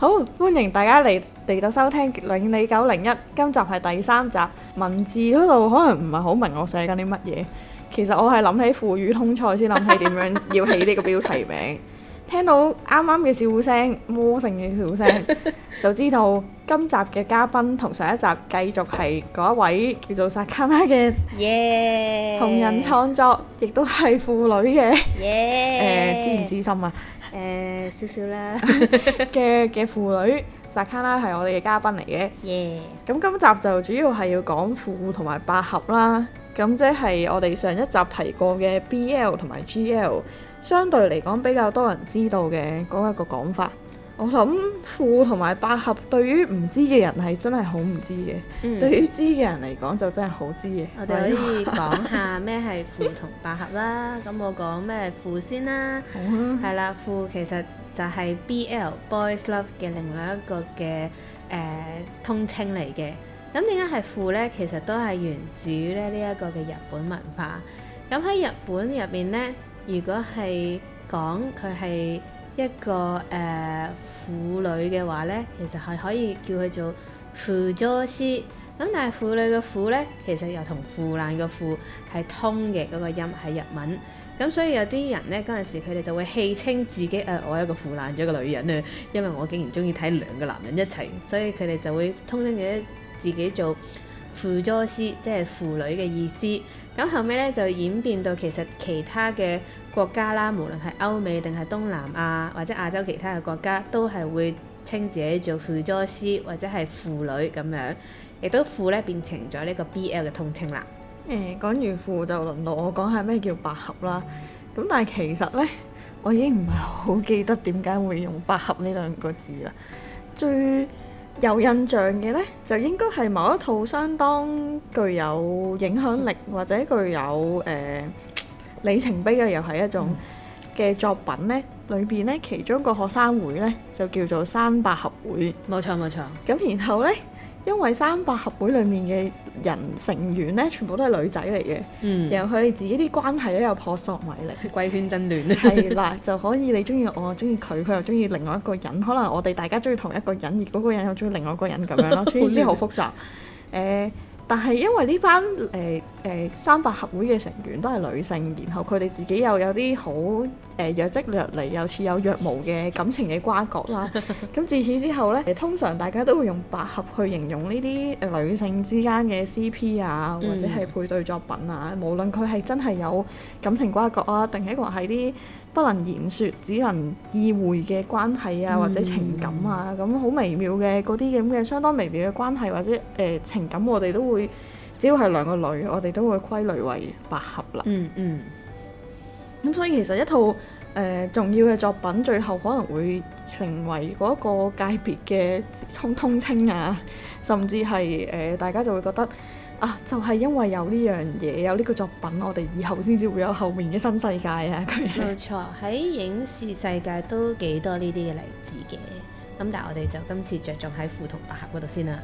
好，歡迎大家嚟嚟到收聽《永利九零三》，今集係第三集。文字嗰度可能唔係好明我寫緊啲乜嘢。其實我係諗起腐與通殺先諗起點樣要起呢個標題名。 聽到啱啱嘅笑聲，魔性嘅笑聲， 就知道今集嘅嘉賓同上一集繼續係嗰一位叫做 Sakana 嘅耶！同人創作，Yeah. 亦都係腐女嘅。誒 Yeah.、呃，知唔知心啊？誒、uh, 少少啦嘅嘅腐女，Sakana 係我哋嘅嘉賓嚟嘅。耶，咁今集就主要係要講腐同埋百合啦。咁即係我哋上一集提過嘅 BL 同埋 GL，相對嚟講比較多人知道嘅嗰一個講法。我諗腐同埋百合對於唔知嘅人係真係好唔知嘅，嗯、對於知嘅人嚟講就真係好知嘅。我哋可以講下咩係腐同百合啦。咁 我講咩係腐先啦？係 啦，腐其實就係 B L Boys Love 嘅另外一個嘅誒、呃、通稱嚟嘅。咁點解係腐呢？其實都係源自咧呢一個嘅日本文化。咁喺日本入面呢，如果係講佢係一個誒、呃婦女嘅話呢，其實係可以叫佢做婦助師。咁但係婦女嘅婦呢，其實又同腐爛嘅腐係通嘅嗰、那個音，係日文。咁所以有啲人呢，嗰陣時，佢哋就會戲稱自己誒、呃、我係一個腐爛咗嘅女人啊、呃，因為我竟然中意睇兩個男人一齊，所以佢哋就會通稱佢自己做婦助師，即係婦女嘅意思。咁後尾咧就演變到其實其他嘅國家啦，無論係歐美定係東南亞或者亞洲其他嘅國家，都係會稱自己做腐作師或者係腐女咁樣，亦都腐咧變成咗呢個 BL 嘅通稱啦。誒，講完腐就輪到我講下咩叫百合啦。咁但係其實咧，我已經唔係好記得點解會用百合呢兩個字啦。最有印象嘅呢，就應該係某一套相當具有影響力或者具有誒、呃、里程碑嘅又係一種嘅作品呢，裏邊呢，其中個學生會呢，就叫做三百合會。冇錯冇錯。咁然後呢？因為三百合會裡面嘅人成員咧，全部都係女仔嚟嘅，然後佢哋自己啲關係咧又撲朔迷離，貴 圈真亂啊！係 啦，就可以你中意我，中意佢，佢又中意另外一個人，可能我哋大家中意同一個人，而嗰個人又中意另外一個人咁樣咯，所以先好複雜。誒、 呃。但係因為呢班誒誒、呃呃、三百合會嘅成員都係女性，然後佢哋自己又有啲好誒、呃、若即若離又似有若無嘅感情嘅瓜葛啦。咁 自此之後呢，通常大家都會用百合去形容呢啲女性之間嘅 CP 啊，或者係配對作品啊，嗯、無論佢係真係有感情瓜葛啊，定係一個係啲。不能言説只能意會嘅關係啊，或者情感啊，咁好，嗯、微妙嘅嗰啲咁嘅，相當微妙嘅關係或者誒、呃、情感，我哋都會，只要係兩個女，我哋都會歸類為百合啦，嗯。嗯嗯。咁所以其實一套誒、呃、重要嘅作品，最後可能會成為嗰個界別嘅通通稱啊，甚至係誒、呃、大家就會覺得。啊！就係、是、因為有呢樣嘢，有呢個作品，我哋以後先至會有後面嘅新世界啊！咁樣，冇錯，喺 影視世界都幾多呢啲嘅例子嘅。咁但係我哋就今次着重喺腐同百合嗰度先啦。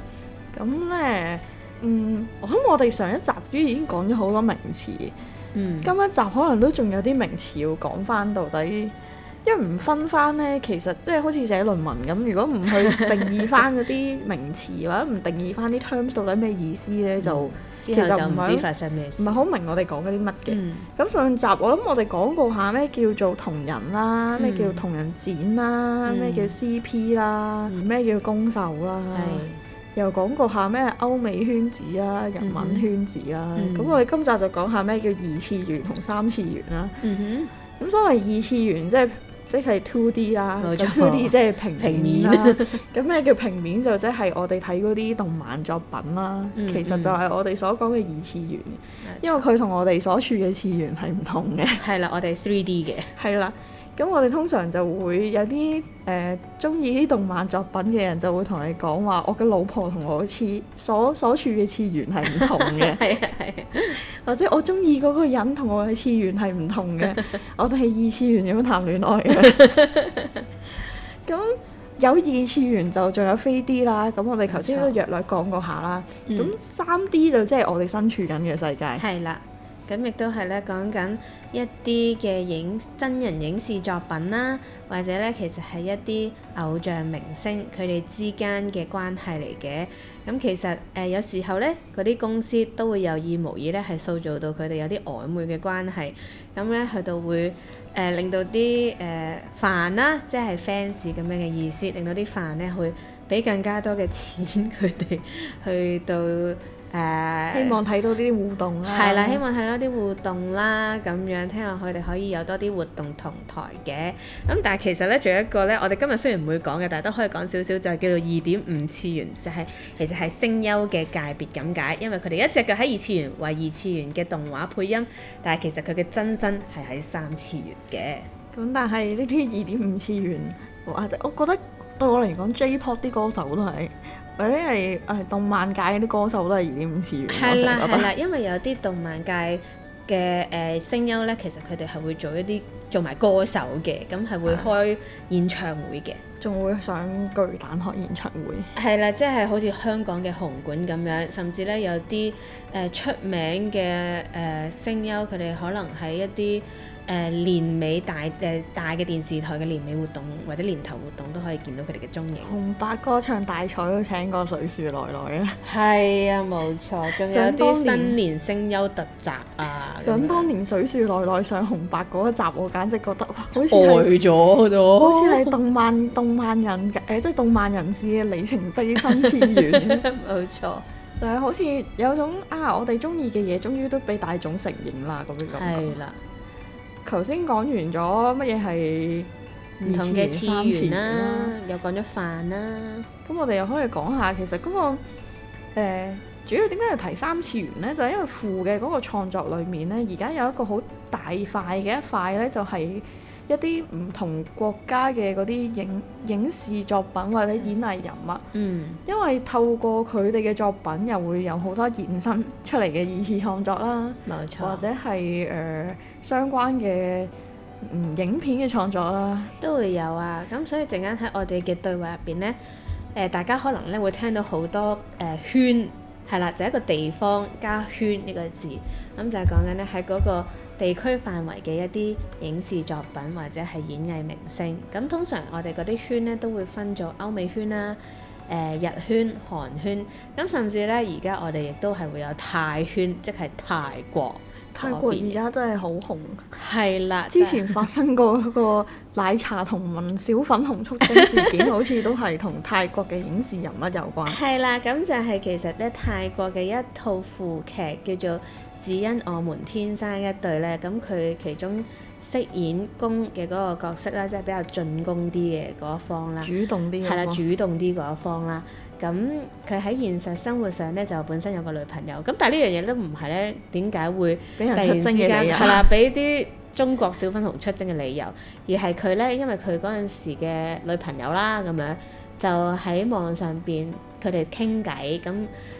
咁咧，嗯，我諗我哋上一集已經講咗好多名詞，嗯，今一集可能都仲有啲名詞要講翻到底。因為唔分翻呢，其實即係好似寫論文咁，如果唔去定義翻嗰啲名詞或者唔定義翻啲 terms 到底咩意思呢，就其實就唔係唔係好明我哋講嗰啲乜嘅。咁上集我諗我哋講過下咩叫做同人啦，咩叫同人展啦，咩叫 CP 啦，咩叫攻受啦，又講過下咩歐美圈子啦、人文圈子啦。咁我哋今集就講下咩叫二次元同三次元啦。咁所謂二次元即係，即係 two D 啦，two 錯 D 即係平平面啦。咁咩平面笑叫平面？就即係我哋睇嗰啲動漫作品啦。嗯、其實就係我哋所講嘅二次元，錯因為佢同我哋所處嘅次元係唔同嘅。係啦，我哋 three D 嘅。係啦。咁我哋通常就會有啲誒，中意啲動漫作品嘅人就會同你講話，我嘅老婆同我嘅次所所處嘅次元係唔同嘅，係 或者我中意嗰個人同我嘅次元係唔同嘅。 我哋係二次元咁談戀愛嘅。咁 有二次元就仲有飛 D 啦，咁我哋頭先都約略講過下啦。咁三錯 D 就即係我哋身處緊嘅世界。係啦、嗯。 咁亦都係咧講緊一啲嘅影真人影視作品啦，或者咧其實係一啲偶像明星佢哋之間嘅關係嚟嘅。咁、嗯、其實誒、呃、有時候咧，嗰啲公司都會有意無意咧係塑造到佢哋有啲曖昧嘅關係。咁咧佢就會誒、呃、令到啲誒 fan 啦，即係 fans 咁樣嘅意思，令到啲 fan 咧會，俾更加多嘅錢佢哋去到誒、呃啊，希望睇到呢啲互動啦、啊。係啦，希望睇到啲互動啦，咁樣聽落佢哋可以有多啲活動同台嘅。咁、嗯、但係其實咧，仲有一個咧，我哋今日雖然唔會講嘅，但係都可以講少少，就係、是、叫做二點五次元，就係、是、其實係聲優嘅界別咁解。因為佢哋一隻腳喺二次元為二次元嘅動畫配音，但係其實佢嘅真身係喺三次元嘅。咁但係呢啲二點五次元或者，我覺得。對我嚟講，J-pop 啲歌手都係，或者係誒動漫界啲歌手都係二點五次元，我成日覺得。係啦係啦，因為有啲動漫界嘅誒聲優呢，其實佢哋係會做一啲做埋歌手嘅，咁係會開演唱會嘅。仲會上巨蛋開演唱會。係啦，即係好似香港嘅紅館咁樣，甚至呢，有啲誒出名嘅誒聲優，佢哋可能喺一啲。誒年尾大誒大嘅電視台嘅年尾活動或者年頭活動都可以見到佢哋嘅蹤影。紅白歌唱大賽都請過水樹奈奈啊，係啊，冇錯。仲有啲新年聲優特集啊。想當年水樹奈奈上紅白嗰一集，我簡直覺得哇，好似係咗好似係動漫動漫人誒，即係動漫人士嘅里程碑，新次元。冇錯，但係好似有種啊，我哋中意嘅嘢終於都俾大眾承認啦，咁講。係啦。頭先講完咗乜嘢係唔同嘅次元啦，又講咗飯啦、啊。咁我哋又可以講下，其實嗰、那個、呃、主要點解要提三次元咧？就係、是、因為腐嘅嗰個創作裡面咧，而家有一個好大塊嘅一塊咧，就係、是。一啲唔同國家嘅嗰啲影影視作品或者演藝人物，嗯、因為透過佢哋嘅作品，又會有好多衍生出嚟嘅二次創作啦，冇錯或者係誒、呃、相關嘅、嗯、影片嘅創作啦，都會有啊。咁所以陣間喺我哋嘅對話入邊呢，誒、呃、大家可能咧會聽到好多誒、呃、圈。係啦，就是、一個地方加圈呢個字，咁、嗯、就係講緊呢喺嗰個地區範圍嘅一啲影視作品或者係演藝明星。咁、嗯、通常我哋嗰啲圈呢，都會分做歐美圈啦，誒、呃、日圈、韓圈，咁、嗯、甚至呢，而家我哋亦都係會有泰圈，即係泰國。泰國而家真係好紅，係啦。之前發生過嗰個奶茶同文小粉紅速遞事件，好似都係同泰國嘅影視人物有關。係 啦，咁就係其實咧，泰國嘅一套腐劇叫做《只因我們天生一對》咧，咁佢其中飾演攻嘅嗰個角色啦，即係比較進攻啲嘅嗰一方啦，主動啲係啦，主動啲嗰一方啦。咁佢喺現實生活上咧，就本身有個女朋友。咁但係呢樣嘢都唔係咧，點解會俾人出征嘅理由，係啦，俾啲中國小粉紅出征嘅理由？的而係佢咧，因為佢嗰陣時嘅女朋友啦，咁樣就喺網上邊佢哋傾偈。咁、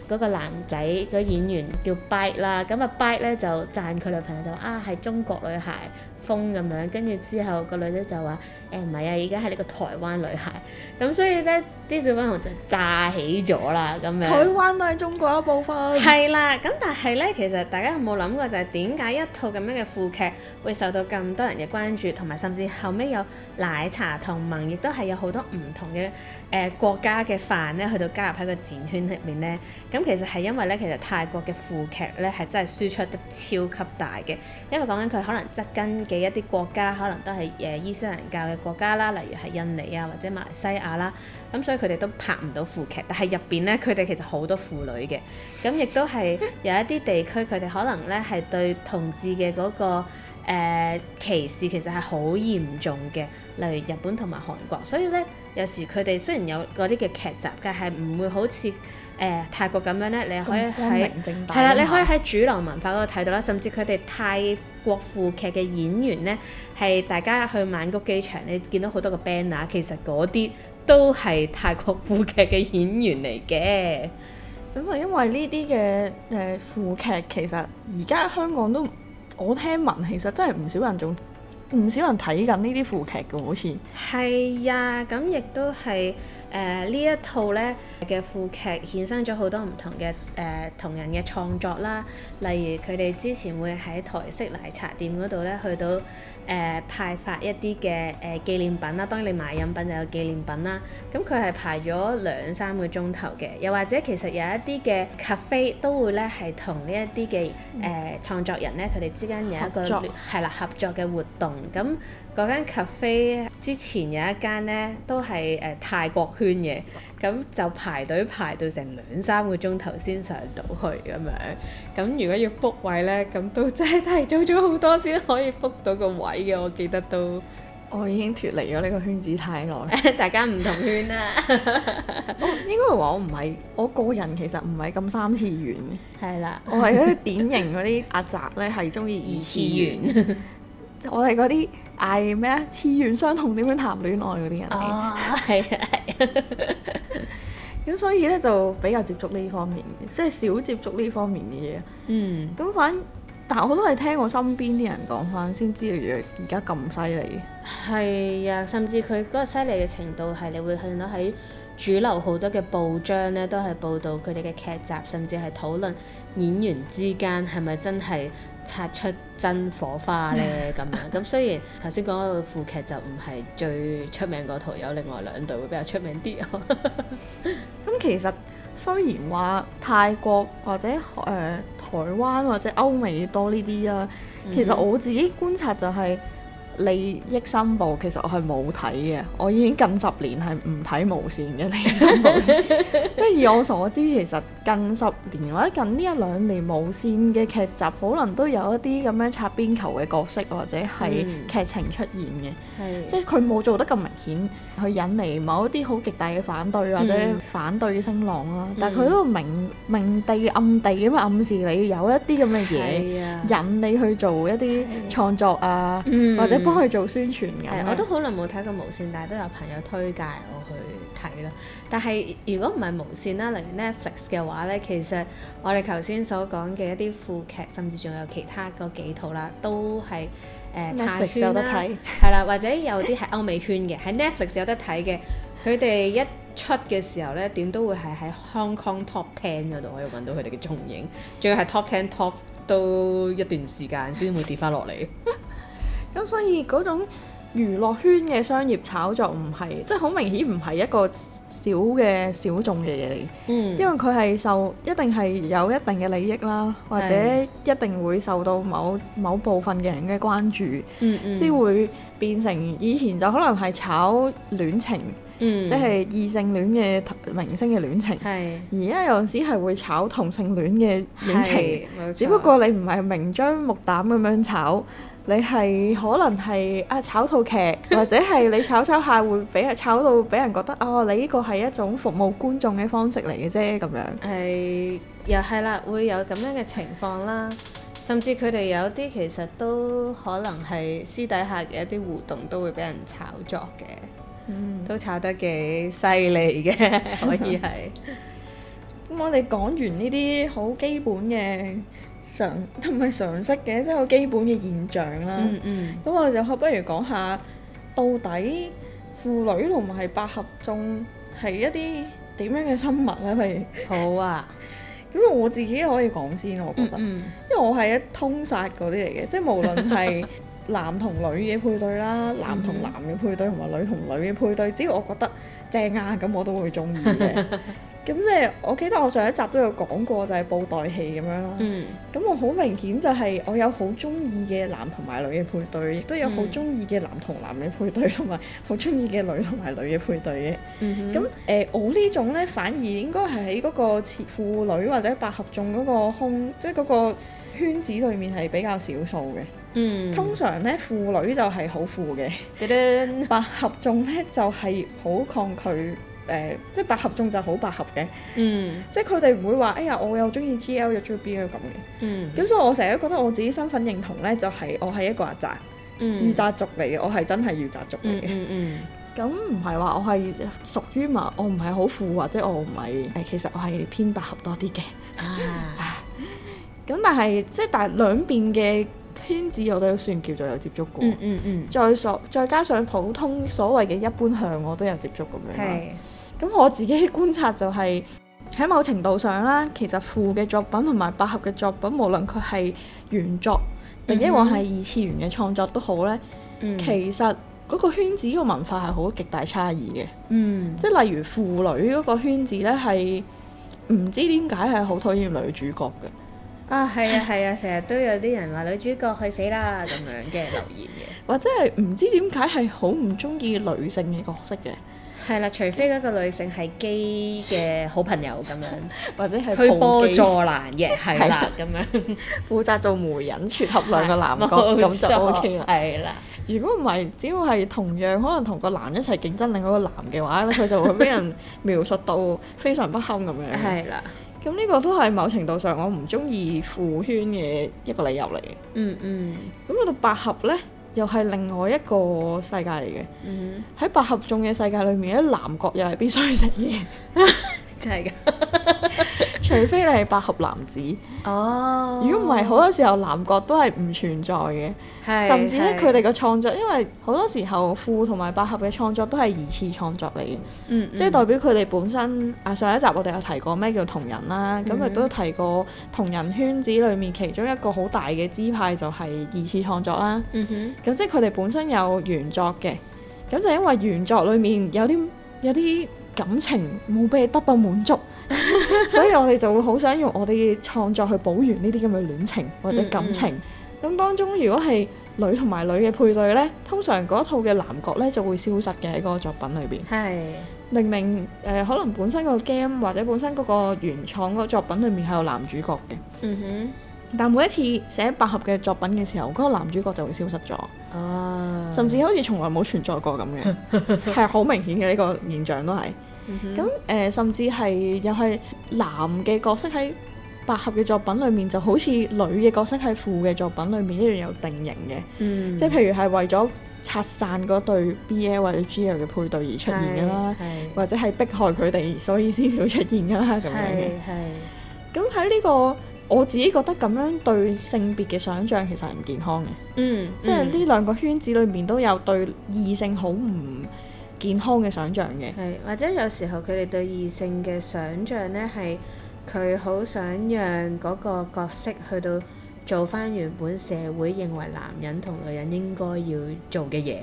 那、嗰個男仔、那個演員叫 Bye 啦，咁啊 Bye 咧就讚佢女朋友就話啊係中國女孩。風，咁樣，跟住之後，個女仔就話：“誒、欸，唔係啊，而家係呢個台灣女孩。”咁所以咧。啲小朋友就炸起咗啦，咁樣。台灣都係中國一部分。係啦，咁但係呢，其實大家有冇諗過就係點解一套咁樣嘅腐劇會受到咁多人嘅關注，同埋甚至後尾有奶茶同盟，亦都係有好多唔同嘅誒、呃、國家嘅飯呢，去到加入喺個展圈入面呢。咁其實係因為呢，其實泰國嘅腐劇呢係真係輸出得超級大嘅，因為講緊佢可能側跟嘅一啲國家可能都係誒、呃、伊斯蘭教嘅國家啦，例如係印尼啊或者馬來西亞啦，咁所以。佢哋都拍唔到腐劇，但係入邊咧，佢哋其實好多腐女嘅。咁亦都係有一啲地區，佢哋 可能咧係對同志嘅嗰、嗰個、呃、歧視，其實係好嚴重嘅。例如日本同埋韓國，所以咧有時佢哋雖然有嗰啲嘅劇集，但係唔會好似誒、呃、泰國咁樣咧，你可以喺係啦，你可以喺主流文化嗰度睇到啦。甚至佢哋泰國腐劇嘅演員咧，係大家去曼谷機場，你見到好多個 banner，其實嗰啲，都係泰國腐劇嘅演員嚟嘅。咁啊，因為呢啲嘅誒腐劇，其實而家香港都我聽聞，其實真係唔少人仲。唔少人睇緊呢啲腐劇㗎，好似係啊，咁亦都係誒呢一套咧嘅腐劇衍生咗好多唔同嘅誒、呃、同人嘅創作啦。例如佢哋之前會喺台式奶茶店嗰度咧去到誒、呃、派發一啲嘅誒紀念品啦，當然你買飲品就有紀念品啦。咁佢係排咗兩三個鐘頭嘅，又或者其實有一啲嘅 cafe 都會咧係同呢一啲嘅誒創作人咧，佢哋之間有一個係啦合作嘅活動。咁嗰間 cafe 之前有一間咧、呃，都係誒泰國圈嘅，咁、嗯、就排隊排到成兩三個鐘頭先上到去咁樣。咁如果要 book 位咧，咁都真係提早咗好多先可以 book 到個位嘅。我記得都我已經脱離咗呢個圈子太耐。 大家唔同圈啦 應該話我唔係，我個人其實唔係咁三次元嘅。係 啦。我係嗰啲典型嗰啲阿宅咧，係中意二次元。 我係嗰啲嗌咩啊？次元相同點樣談戀愛？」嗰啲人嚟。哦，係啊，係。咁所以咧就比較接觸呢方面嘅，即係少接觸呢方面嘅嘢。嗯。咁反，但係我都係聽我身邊啲人講翻先知而家咁犀利。係啊，甚至佢嗰個犀利嘅程度係，你會見到喺主流好多嘅報章咧，都係報導佢哋嘅劇集，甚至係討論演員之間係咪真係擦出。真火花咧咁 樣，咁雖然頭先講到副劇就唔係最出名嗰套，有另外兩對會比較出名啲。咁 其實雖然話泰國或者誒、呃、台灣或者歐美多呢啲啦，其實我自己觀察就係、嗯嗯。利益申報其實我係冇睇嘅，我已經近十年係唔睇無線嘅利益申報， 即係以我所知，其實近十年或者近呢一兩年無線嘅劇集，可能都有一啲咁樣擦邊球嘅角色或者係劇情出現嘅，嗯、即係佢冇做得咁明顯去引嚟某一啲好極大嘅反對或者反對嘅聲浪啦。嗯、但係佢都明明地、暗地咁樣暗示你有一啲咁嘅嘢，啊、引你去做一啲創作啊，嗯、或者。幫佢做宣傳嘅。對是我都好耐冇睇過無線，但係都有朋友推介我去睇咯。但係如果唔係無線啦，例如 Netflix 嘅話咧，其實我哋頭先所講嘅一啲副劇，甚至仲有其他嗰幾套啦，都係誒、呃、Netflix 有得睇，係啦，或者有啲係歐美圈嘅，喺 Netflix 有得睇嘅。佢哋一出嘅時候咧，點都會係喺 Hong Kong Top Ten 嗰度可以搵到佢哋嘅蹤影。仲要係 Top Ten Top 都一段時間先會跌翻落嚟。 咁所以嗰種娛樂圈嘅商業炒作唔係即係好明顯，唔係一個小嘅小眾嘅嘢嚟。嗯，因為佢係受一定係有一定嘅利益啦，或者一定會受到某某部分嘅人嘅關注，嗯，嗯，先會變成以前就可能係炒戀情，嗯、即係異性戀嘅明星嘅戀情，係、嗯、而家有陣時係會炒同性戀嘅戀情，只不過你唔係明張目膽咁樣炒。你係可能係啊炒套劇，或者係你炒炒下會俾 炒到俾人覺得哦，你呢個係一種服務觀眾嘅方式嚟嘅啫咁樣。係、哎，又係啦，會有咁樣嘅情況啦。甚至佢哋有啲其實都可能係私底下嘅一啲互動都會俾人炒作嘅，嗯、都炒得幾犀利嘅，可以係。咁 我哋講完呢啲好基本嘅。常都唔係常識嘅，即係個基本嘅現象啦。咁、嗯嗯、我就不如講下，到底腐女同埋百合中係一啲點樣嘅生物咧？譬如好啊，咁 我自己可以講先，我覺得，嗯嗯因為我係一通殺嗰啲嚟嘅， 即係無論係男同女嘅配對啦， 男同男嘅配對同埋女同女嘅配對，只要我覺得正啊，咁我都會中意嘅。 咁即係，我記得我上一集都有講過，就係布袋戲咁樣啦。咁、嗯、我好明顯就係，我有好中意嘅男同埋女嘅配對，亦都、嗯、有好中意嘅男同男嘅配對，同埋好中意嘅女同埋女嘅配對嘅。咁誒、嗯哼呃，我呢種呢，反而應該係喺嗰個腐女或者百合眾嗰個空，即係嗰個圈子裡面係比較少數嘅。嗯、通常呢，「腐女就係好腐嘅，百叮合眾呢，就係、是、好抗拒。誒，即係百合中就好百合嘅，即係佢哋唔會話，哎呀，我又中意 GL，又中意 BL 咁嘅。咁所以我成日都覺得我自己身份認同咧，就係我係一個阿宅，御宅族嚟嘅，我係真係御宅族嚟嘅。咁唔係話我係屬於嘛？我唔係好腐或者我唔係誒，其實我係偏百合多啲嘅。咁但係即係但係兩邊嘅圈子我都算叫做有接觸過。嗯嗯再所再加上普通所謂嘅一般向，我都有接觸咁樣。係。咁我自己觀察就係、是、喺某程度上啦，其實腐嘅作品同埋百合嘅作品，無論佢係原作，定抑或係二次元嘅創作都好咧，嗯、其實嗰個圈子個文化係好極大差異嘅。嗯、即係例如腐女嗰個圈子咧係唔知點解係好討厭女主角嘅。啊係啊係啊，成日都有啲人話女主角去死啦咁樣嘅留言嘅， 或者係唔知點解係好唔中意女性嘅角色嘅。係啦，除非嗰個女性係基嘅好朋友咁樣， 或者係推波助瀾嘅，係啦咁樣。負責做媒人撮合兩個男角咁錯就 OK 啦。係啦了。如果唔係，只要係同樣可能同個男一齊競爭另外個男嘅話咧，佢就會俾人描述到非常不堪咁樣。係啦 了。咁呢個都係某程度上我唔中意腐圈嘅一個理由嚟。嗯嗯。咁我到百合咧？那那又係另外一個世界嚟嘅，喺百、mm hmm. 合種嘅世界裏面，咧，男角又係必須要食嘢。真係嘅， 除非你係百合男子。哦。如果唔係，好多時候男角都係唔存在嘅。是甚至咧，佢哋個創作，因為好多時候腐同埋百合嘅創作都係二次創作嚟嘅。Mm hmm. 即係代表佢哋本身啊，上一集我哋有提過咩叫同人啦，咁亦都提過同人圈子裏面其中一個好大嘅支派就係二次創作啦。嗯咁、mm hmm. 即係佢哋本身有原作嘅，咁就因為原作裏面有啲有啲，有感情冇俾你得到滿足， 所以我哋就會好想用我哋嘅創作去補完呢啲咁嘅戀情或者感情。咁、嗯嗯、當中如果係女同埋女嘅配對呢，通常嗰套嘅男角呢就會消失嘅喺嗰個作品裏邊。係是。明明誒、呃，可能本身個 game 或者本身嗰個原創嗰作品裏面係有男主角嘅。嗯哼。但每一次寫百合嘅作品嘅時候，嗰、嗰個男主角就會消失咗。哦。甚至好似從來冇存在過咁嘅，係好 明顯嘅呢、呢個現象都係。咁誒、mm hmm. 呃，甚至係又係男嘅角色喺百合嘅作品裏面，就好似女嘅角色喺腐嘅作品裏面一樣有定型嘅。嗯、mm。Hmm. 即係譬如係為咗拆散嗰對 BL 或者 GL 嘅配對而出現㗎啦，mm hmm. 或者係迫害佢哋所以先會出現㗎啦咁樣嘅。係，咁喺呢個我自己覺得咁樣對性別嘅想像其實係唔健康嘅。嗯、mm。Hmm. 即係呢兩個圈子裏面都有對異性好唔～健康嘅想象嘅，係或者有時候佢哋對異性嘅想象呢，係佢好想讓嗰個角色去到做返原本社會認為男人同女人應該要做嘅嘢，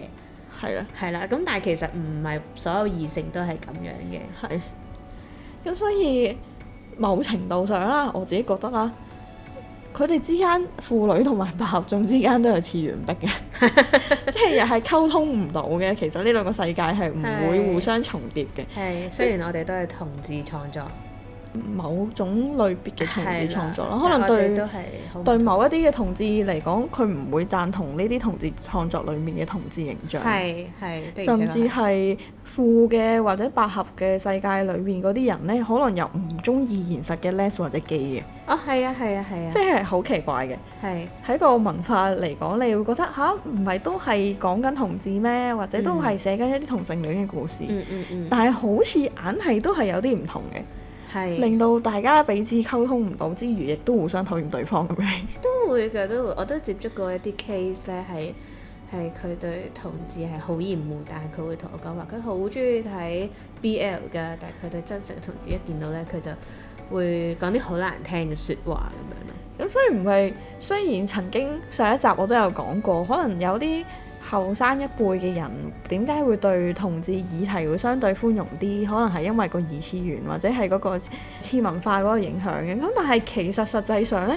係啦的，係啦的，咁但係其實唔係所有異性都係咁樣嘅，係的，咁所以某程度上啦，我自己覺得啦。佢哋之間腐女同埋百合眾之間都有次元壁嘅，即係又係溝通唔到嘅。其實呢兩個世界係唔會互相重疊嘅。係，雖然我哋都係同志創作。某種類別嘅同志創作咯，的可能對對某一啲嘅同志嚟講，佢唔、嗯、會贊同呢啲同志創作裏面嘅同志形象，係係，甚至係富嘅或者百合嘅世界裏面嗰啲人呢，可能又唔中意現實嘅 Les 或者 gay 嘅。啊、哦，係啊，係啊，係啊。即係好奇怪嘅。係的。喺個文化嚟講，你會覺得吓，唔係都係講緊同志咩？或者都係寫緊一啲同性戀嘅故事。嗯嗯嗯。嗯嗯嗯，但係好似硬係都係有啲唔同嘅。係令到大家彼此溝通唔到之餘，亦都互相討厭對方咁樣。都會嘅，都會。我都接觸過一啲 case 咧，係係佢對同志係好厭惡，但係佢會同我講話，佢好中意睇 BL 㗎，但係佢對真實嘅同志一見到咧，佢就會講啲好難聽嘅説話咁樣咯。咁所以唔係，雖然曾經上一集我都有講過，可能有啲，後生一輩嘅人點解會對同志議題會相對寬容啲？可能係因為個二次元或者係嗰個次文化嗰個影響嘅。咁但係其實實際上呢，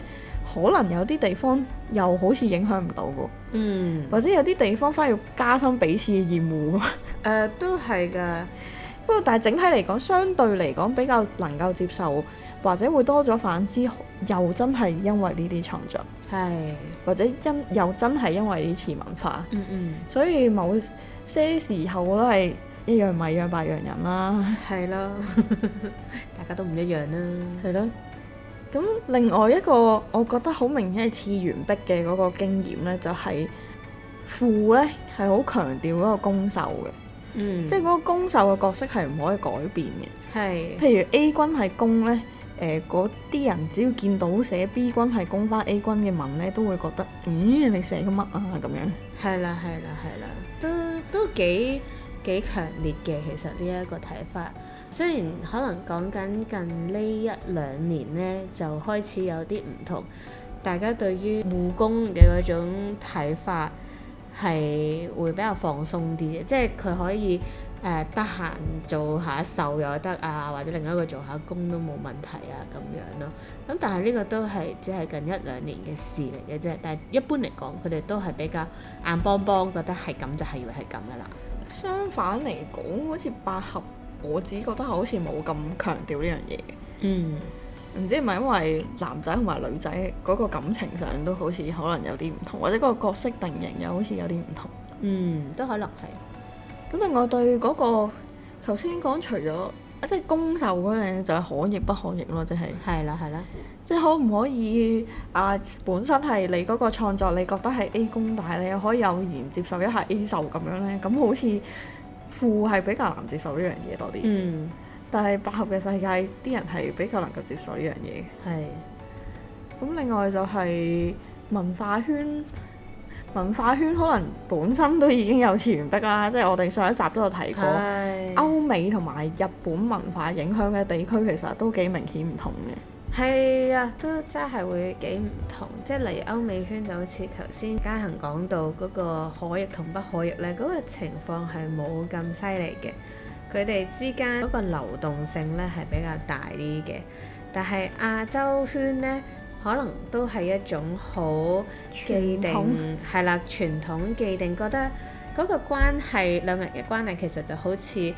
可能有啲地方又好似影響唔到嘅。嗯。或者有啲地方反而要加深彼此嘅嫌惡厭惡。誒、呃，都係㗎。不過，但係整體嚟講，相對嚟講比較能夠接受，或者會多咗反思，又真係因為呢啲創作，係是或者因又真係因為呢次文化，嗯嗯，所以某些時候都係一樣米養百樣白人啦，係啦， 大家都唔一樣啦，係咯。咁另外一個我覺得好明顯係次元壁嘅嗰個經驗咧，就係、是、腐呢係好強調嗰個攻受嘅。嗯、即係嗰個攻受嘅角色係唔可以改變嘅。係是。譬如 A 君係攻呢，誒嗰啲人只要見到寫 B 君係攻翻 A 君嘅文呢，都會覺得，咦、嗯、你寫個乜啊咁樣？係啦係啦係啦，都都幾幾強烈嘅其實呢一個睇法。雖然可能講緊近呢一兩年呢，就開始有啲唔同，大家對於互攻嘅嗰種睇法。係會比較放鬆啲嘅，即係佢可以誒得閒做下受又得啊，或者另一個做下攻都冇問題啊咁樣咯。咁但係呢個都係只係近一兩年嘅事嚟嘅啫。但係一般嚟講，佢哋都係比較硬邦邦，覺得係咁就係以為係咁噶啦。相反嚟講，好似百合，我自己覺得好似冇咁強調呢樣嘢。嗯。唔知係咪因為男仔同埋女仔嗰個感情上都好似可能有啲唔同，或者嗰個角色定型又好似有啲唔同。嗯，都可能係。咁另外對嗰、嗰個頭先講除咗啊，即係攻受嗰樣就係、係、可逆不可逆咯，即、就、係、係。係啦，係啦。即係可唔可以啊？本身係你嗰個創作，你覺得係 A 攻，但，你又可以有言接受一下 A 受咁樣咧？咁好似腐係比較難接受呢樣嘢多啲。嗯。但係百合嘅世界，啲人係比較能夠接受呢樣嘢。係是。咁另外就係文化圈，文化圈可能本身都已經有前壁啦，即係我哋上一集都有提過，歐是美同埋日本文化影響嘅地區其實都幾明顯唔同嘅。係啊，都真係會幾唔同，即係例如歐美圈就好似頭先嘉恒講到嗰個可逆同不可逆咧，嗰、嗰個情況係冇咁犀利嘅。佢哋之間嗰個流動性咧，係比較大啲嘅，但係亞洲圈呢，可能都係一種好既定係啦傳統，傳統既定覺得嗰個關係，兩人嘅關係其實就好似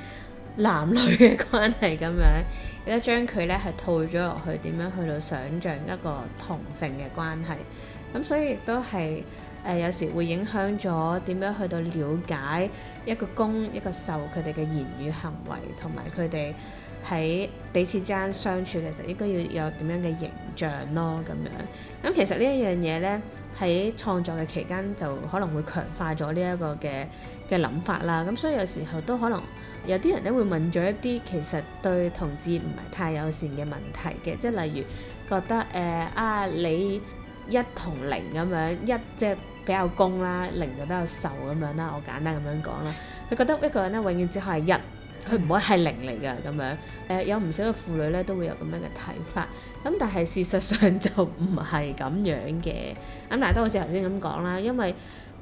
男女嘅關係咁樣，而家將佢咧，係套咗落去點樣去到想像一個同性嘅關係，咁所以亦都係。誒、呃、有時會影響咗點樣去到了解一個攻、一個受佢哋嘅言語行為同埋佢哋喺彼此之間相處其實應該要有點樣嘅形象咯咁樣。咁、嗯、其實呢一樣嘢呢，喺創作嘅期間就可能會強化咗呢一個嘅嘅諗法啦。咁、嗯、所以有時候都可能有啲人咧會問咗一啲其實對同志唔係太友善嘅問題嘅，即係例如覺得誒、呃、啊你。一同零咁樣，一即係比較攻啦，零就比較受咁樣啦，我簡單咁樣講啦。佢覺得一個人咧永遠只可以係一，佢唔可以係零嚟㗎咁樣。誒，有唔少嘅腐女咧都會有咁樣嘅睇法，咁但係事實上就唔係咁樣嘅。咁嗱，都好似頭先咁講啦，因為。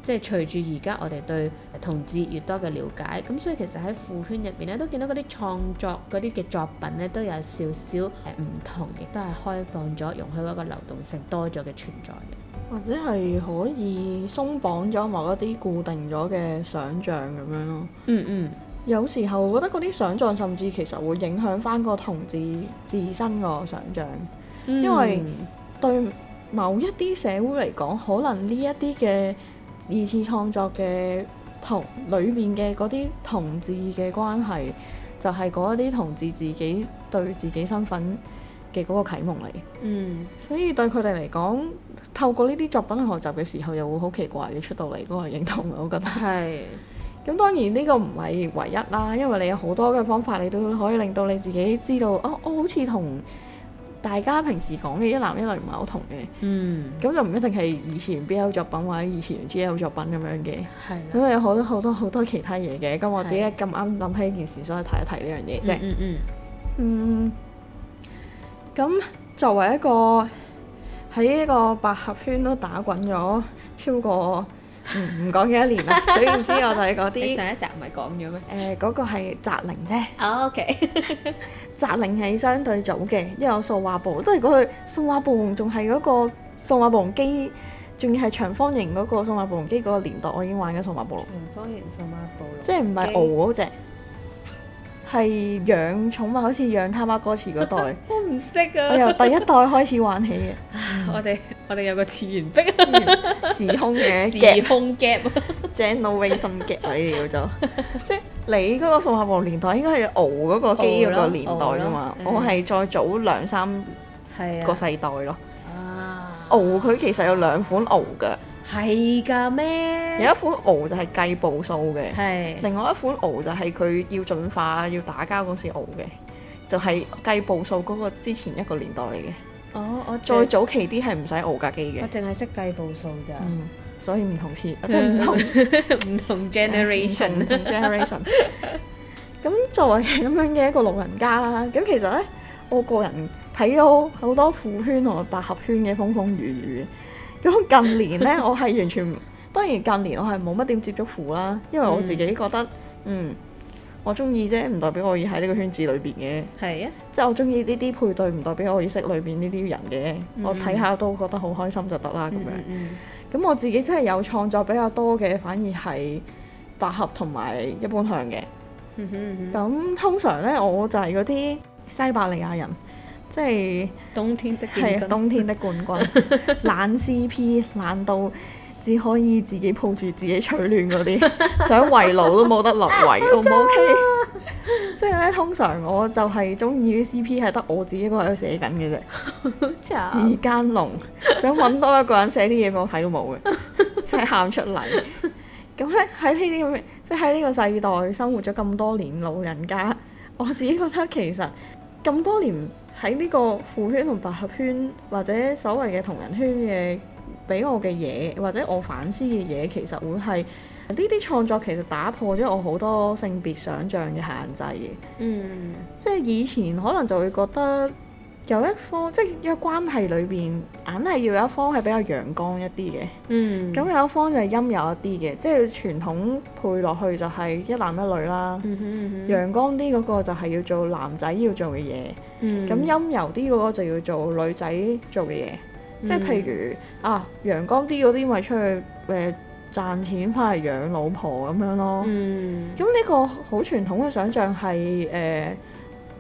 即係隨住而家我哋對同志越多嘅了解，咁所以其實喺腐圈入面咧，都見到嗰啲創作嗰啲嘅作品咧，都有少少係唔同，亦都係開放咗，容許嗰個流動性多咗嘅存在嘅，或者係可以鬆綁咗某一啲固定咗嘅想像咁樣咯。嗯嗯，有時候覺得嗰啲想像甚至其實會影響翻個同志自身個想像，嗯、因為對某一啲社會嚟講，可能呢一啲嘅。二次創作嘅同裏面嘅嗰啲同志嘅關係，就係嗰一啲同志自己對自己身份嘅嗰個啟蒙嚟。嗯，所以對佢哋嚟講，透過呢啲作品去學習嘅時候，又會好奇怪嘅出到嚟嗰個認同，我覺得我。係。咁 當然呢個唔係唯一啦，因為你有好多嘅方法，你都可以令到你自己知道，哦，我好似同。大家平時講嘅一男一女唔係好同嘅，咁、嗯、就唔一定係以前 BL 作品或者以前 GL 作品咁樣嘅，咁的有好多好多好多其他嘢嘅。咁的我自己咁啱諗起一件事，所以睇一睇呢樣嘢啫。的即嗯嗯嗯。咁、嗯、作為一個喺呢個百合圈都打滾咗超過。唔唔講幾多年啦，所以唔知我就係嗰啲。你上一集唔係講咗咩？誒、呃，嗰、那個係宅靈啫。O K，宅靈係相對早嘅，因為我數碼暴龍，即係嗰個數碼暴龍仲係嗰個數碼暴龍機，仲要係長方形嗰個數碼暴龍機嗰個年代，我已經玩緊數碼暴龍咯。長方形數碼暴龍咯。即係唔係敖嗰隻？Okay. 係養寵物，好似養他媽哥池嗰代。 我唔識啊！我由第一代開始玩起嘅。 我哋我哋有個次元壁啊， 時空嘅時空 gap，generation g gap，你哋叫做。 即係你嗰個數碼暴龍年代應該係熬嗰個機嗰個年代㗎嘛？哦哦、我係再早兩三個世代咯。熬佢、嗯啊、其實有兩款熬㗎。係㗎咩？有一款傲就係計步數嘅，另外一款傲就係佢要進化、要打交嗰時傲嘅，就係計步數嗰個之前一個年代嚟嘅。哦，我再早期啲係唔使傲格機嘅，我淨係識計步數咋。嗯，所以唔同次，即係唔同唔同 generation，唔同 generation。咁作為咁樣嘅一個老人家啦，咁其實呢，我個人睇到好多腐圈同埋百合圈嘅風風雨雨。咁近年咧，我係完全 當然近年我係冇乜點接觸腐啦，因為我自己覺得嗯，嗯我中意啫，唔代表我要喺呢個圈子裏邊嘅。係啊。即係我中意呢啲配對，唔代表我要識裏邊呢啲人嘅。嗯、我睇下都覺得好開心就得啦咁樣。咁、嗯嗯嗯、我自己真係有創作比較多嘅，反而係百合同埋一般向嘅。咁、嗯嗯、通常咧，我就係嗰啲西伯利亞人。即係冬天的冠，冠，係冬天的冠軍， 懶 C P，懶到只可以自己抱住自己取暖嗰啲， 想圍爐都冇得落圍， 好唔好？即係咧，通常我就係中意啲 C P 係得我自己一個度寫緊嘅啫，時 間龍，想揾多一個人寫啲嘢俾我睇都冇嘅，即係喊出嚟。咁咧喺呢啲咁，即喺呢個世代生活咗咁多年老人家，我自己覺得其實咁多年，喺呢個腐圈同百合圈，或者所謂嘅同人圈嘅，俾我嘅嘢，或者我反思嘅嘢，其實會係呢啲創作其實打破咗我好多性別想像嘅限制嘅。嗯，即係以前可能就會覺得。有一方即係一個關係裏邊，硬係要有一方係比較陽光一啲嘅，咁、嗯、有一方就係陰柔一啲嘅，即係傳統配落去就係一男一女啦。嗯哼嗯哼，陽光啲嗰個就係要做男仔要做嘅嘢，咁、嗯、陰柔啲嗰個就要做女仔做嘅嘢，嗯、即係譬如啊，陽光啲嗰啲咪出去誒、呃、賺錢翻嚟養老婆咁樣咯。咁呢、嗯、個好傳統嘅想像係誒。呃.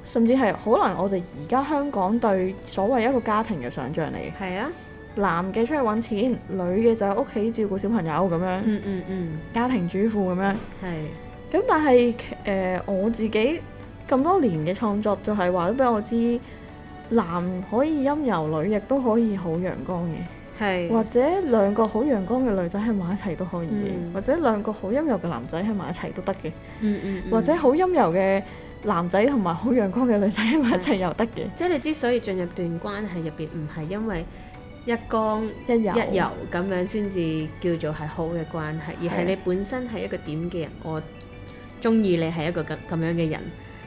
甚至係可能我哋而家香港對所謂一個家庭嘅想像嚟嘅，係啊，男嘅出去揾錢，女嘅就喺屋企照顧小朋友咁樣、嗯，嗯嗯嗯，家庭主婦咁樣，係是。咁但係誒、呃、我自己咁多年嘅創作就係話都俾我知，男可以陰柔女，女亦都可以好陽光嘅，係是。或者兩個好陽光嘅女仔喺埋一齊都可以，嗯、或者兩個好陰柔嘅男仔喺埋一齊都得嘅、嗯，嗯嗯，或者好陰柔嘅。男仔同埋好陽光嘅女仔喺埋一齊又得嘅。即係你之所以進入段關係入邊，唔係因為一光一油游咁樣先至叫做係好嘅關係，的而係你本身係一個點嘅人，我鍾意你係一個咁咁樣嘅人，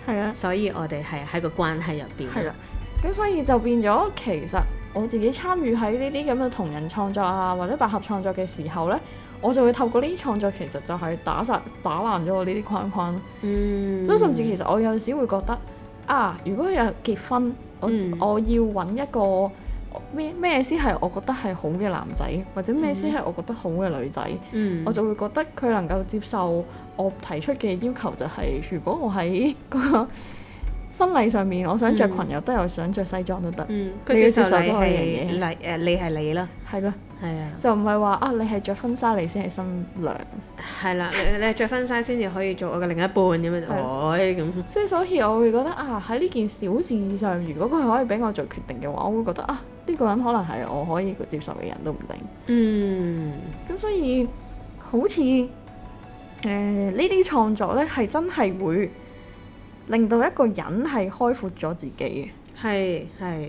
係啊的，所以我哋係喺個關係入邊。係啦，咁所以就變咗其實。我自己參與喺呢啲咁嘅同人創作啊，或者百合創作嘅時候呢，我就會透過呢啲創作，其實就係打殺、打爛咗我呢啲框框。嗯。甚至其實我有時會覺得啊，如果有結婚，我我要揾一個咩咩先係我覺得係好嘅男仔，或者咩先係我覺得好嘅女仔，嗯、我就會覺得佢能夠接受我提出嘅要求就係、是，如果我喺嗰、那個。婚禮上面，我想着裙又得，又想着西裝都得。嗯，你嘅接受都係一樣嘢。禮誒，你係你啦。係咯。係啊的。的就唔係話啊，你係着婚紗你先係新娘。係啦，你你係着婚紗先至可以做我嘅另一半咁樣，的哎咁。即係所以，我會覺得啊，喺呢件小事上，如果佢可以俾我做決定嘅話，我會覺得啊，呢個人可能係我可以接受嘅人都唔定。嗯。咁所以好似誒呢啲創作咧，係真係會。令到一個人係開闊咗自己嘅。係係是。